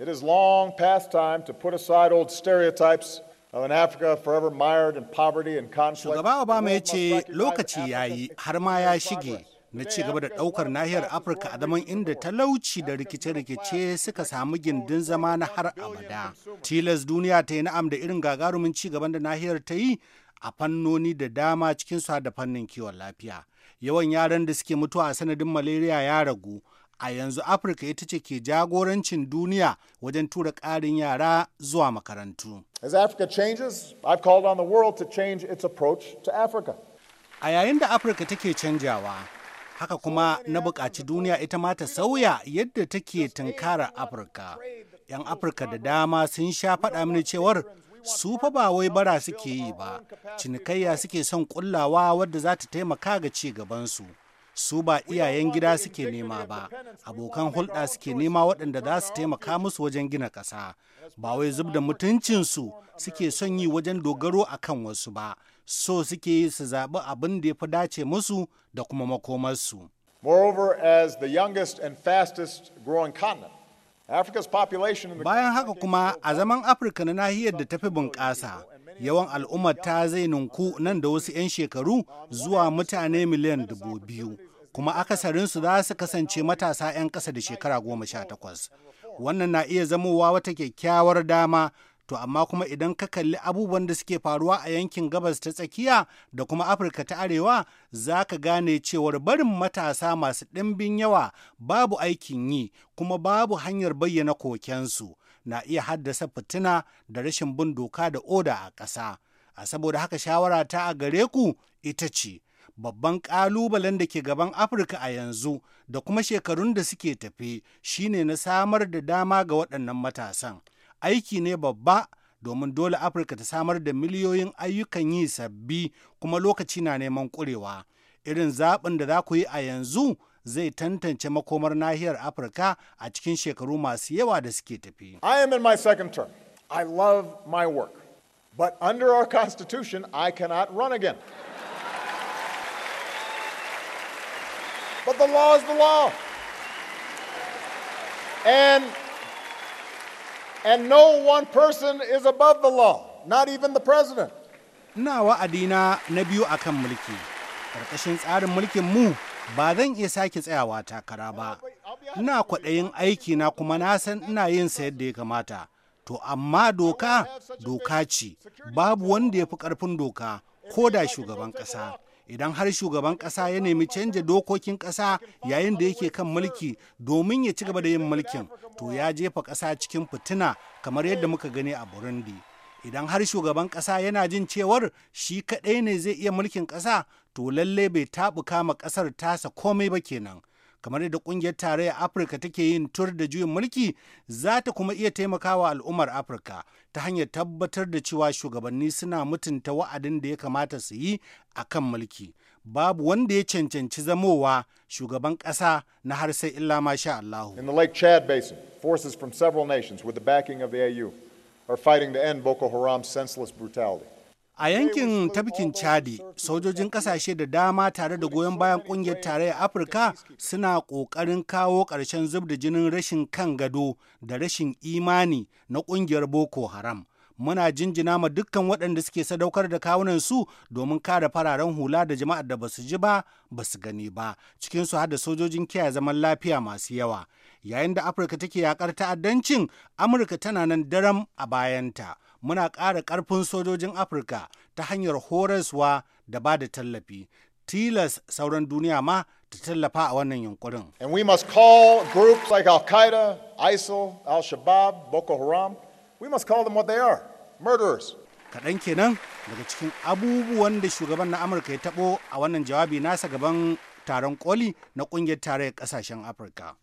It is long past time to put aside old stereotypes Shugaba Obama ya ce lokaci ya yi har ma ya shige na ci gaba da ɗaukar nahiyar Afirka a zaman inda talauci da rikice-rikice suka samu gindin zama na har abada. Tilas duniya ta yi na'am da irin gagarumin ci gaban da nahiyar ta yi a fannoni da dama cikin su da fannin kiwon lafiya. Yawan yaran da suke mutuwa a sanadin malaria ya ragu. a yanzu afirka ita ce ke jagorancin duniya wajen tura ƙarin yara zuwa makarantu As Africa changes, I've called on the world to change its approach to Africa. A yayin da Afirka take canjawa, haka kuma na buƙaci duniya ita ma ta sauya yadda take tunkarar Afirka. 'Yan Afirka da dama sun sha faɗa mini cewar su fa ba wai bara suke yi ba, cinikayya suke son kullawa wadda za ta taimaka ga ci gabansu. su ba iyayen gida suke nema ba abokan hulɗa suke nema waɗanda za su taimaka musu wajen gina ƙasa ba wai zub da mutuncinsu suke son yi wajen dogaro a kan wasu ba so suke yi su zaɓi abin da ya fi dace musu da kuma makomarsu. Bayan haka kuma a zaman Afirka na nahiyar da tafi bunƙasa, yawan al'ummar ta zai ninku nan da wasu 'yan shekaru zuwa mutane miliyan dubu biyu. kuma akasarinsu za su kasance matasa 'yan ƙasa da shekara goma sha takwas. Wannan na iya zamowa wata kyakkyawar dama, to amma kuma idan ka kalli abubuwan da suke faruwa a yankin gabas ta tsakiya da kuma Afirka ta Arewa, za ka gane cewar barin matasa masu ɗimbin yawa babu aikin yi kuma babu hanyar bayyana kokensu na iya haddasa fitina da rashin bin doka da oda a ƙasa. A saboda haka shawara ta a gare ku ita ce. babban ƙalubalen da ke gaban afirka a yanzu da kuma shekarun da suke tafe shine na samar da dama ga waɗannan matasan aiki ne babba domin dole afirka ta samar da miliyoyin ayyukan yi sabbi kuma lokaci na neman ƙurewa irin zaɓin da za ku yi a yanzu zai tantance makomar nahiyar afirka a cikin shekaru masu yawa da suke tafi i am in my second term i love my work but under our constitution i cannot run again But the law is the law. And, and no one person is above the law, not even the president. Ina wa'adina na biyu a kan mulki, ƙarƙashin tsarin mulkin mu ba zan iya sake tsayawa takara ba. Ina kwaɗayin aiki na kuma na san ina yin sa yadda ya kamata. To amma doka, doka ce, babu wanda ya fi ƙarfin doka, ko da shugaban ƙasa. idan har shugaban ƙasa ya nemi canja dokokin ƙasa yayin da yake kan mulki domin ya ci gaba da yin mulkin to ya jefa ƙasa cikin fitina kamar yadda muka gani a burundi idan har shugaban ƙasa yana jin cewar shi kaɗai ne zai iya mulkin ƙasa to lallai bai taɓuka kama ƙasar tasa komai ba kenan kamar yadda kungiyar tarayyar afirka take yin tur da juyin mulki za ta kuma iya taimakawa al'ummar afirka ta hanyar tabbatar da cewa shugabanni suna mutunta wa'adin da ya kamata su yi a kan mulki babu wanda ya cancanci zamowa shugaban ƙasa na har sai illa masha allahu in the lake chad basin forces from several nations with the backing of the au are fighting to end boko haram's senseless brutality A yankin tafkin Chadi, sojojin kasashe da dama tare da goyon bayan kungiyar tarayyar Afirka suna ƙoƙarin kawo ƙarshen zub da jinin rashin kan gado da rashin imani na ƙungiyar Boko Haram. Muna jinjina ma dukkan waɗanda suke sadaukar da kawunan su domin kare fararen hula da jama'ar da basu ji ba, basu gani ba, cikinsu har da sojojin kiyaye zaman lafiya masu yawa. yayin da Afirka take yakar ta'addancin Amurka tana nan daram a bayanta. Muna ƙara karfin sojojin Afirka ta hanyar horaswa da ba da tallafi. Tilas sauran duniya ma ta tallafa a wannan yunkurin. And we must call groups like Al-Qaeda, ISIL, Al-Shabaab, Boko Haram, we must call them what they are, murderers. kaɗan kenan daga cikin abubuwan da shugaban na amurka ya taɓo a wannan jawabi nasa gaban taron koli na ƙungiyar tarayyar ƙasashen afirka